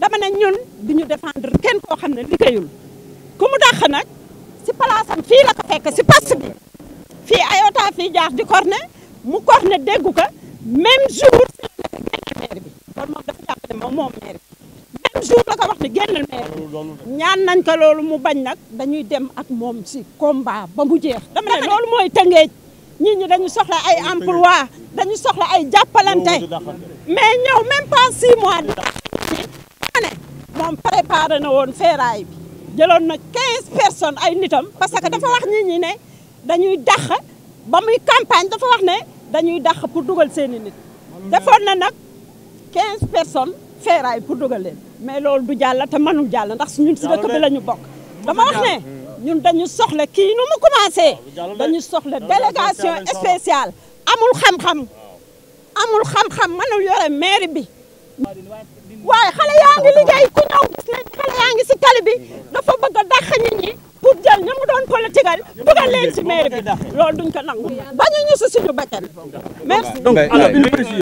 dama ne ñun duñu défendre kenn koo xam ne liggéeyul ku mu dàq nag si place am fii la ko fekk si poste bi fii ayota fii jaax di corne mu corne déggu ko même jour si la ko génnal maire bi loolu moom dafa jàpp ne moom moom maire bi même jour la ko wax ne génnal maire bi ñaan nañ ko loolu mu bañ nag dañuy dem ak moom si combat ba mu jeex dama ne loolu mooy tëngeej nit ñi dañu soxla ay emploi dañu soxla ay jàppalante mais ñëw même pas six mois préparé na woon feeraay bi jëloon na 15 personnes ay nitam parce que dafa wax nit ne dañuy dàq ba muy campagne dafa wax ne dañuy dàq pour dugal seeni nit defoon na nag 15 personnes feeraay pour dugal leen mais loolu du jàll te mënul jàll ndax ñun si dëkk bi la ñu bokk dama wax ne hmm. ñun dañuy soxle kii nu mu commencé dañu soxla délégation spéciale amul xam-xam amul xam-xam mënul yore mairie bi waaye xale yaa ngi liggéey ku dafa bëgg a dàq nit ñi pour jël ña mu doon politigal bëggal leen ci maire bi loolu duñ ko nangu bañu ñu si suñu bakkan merci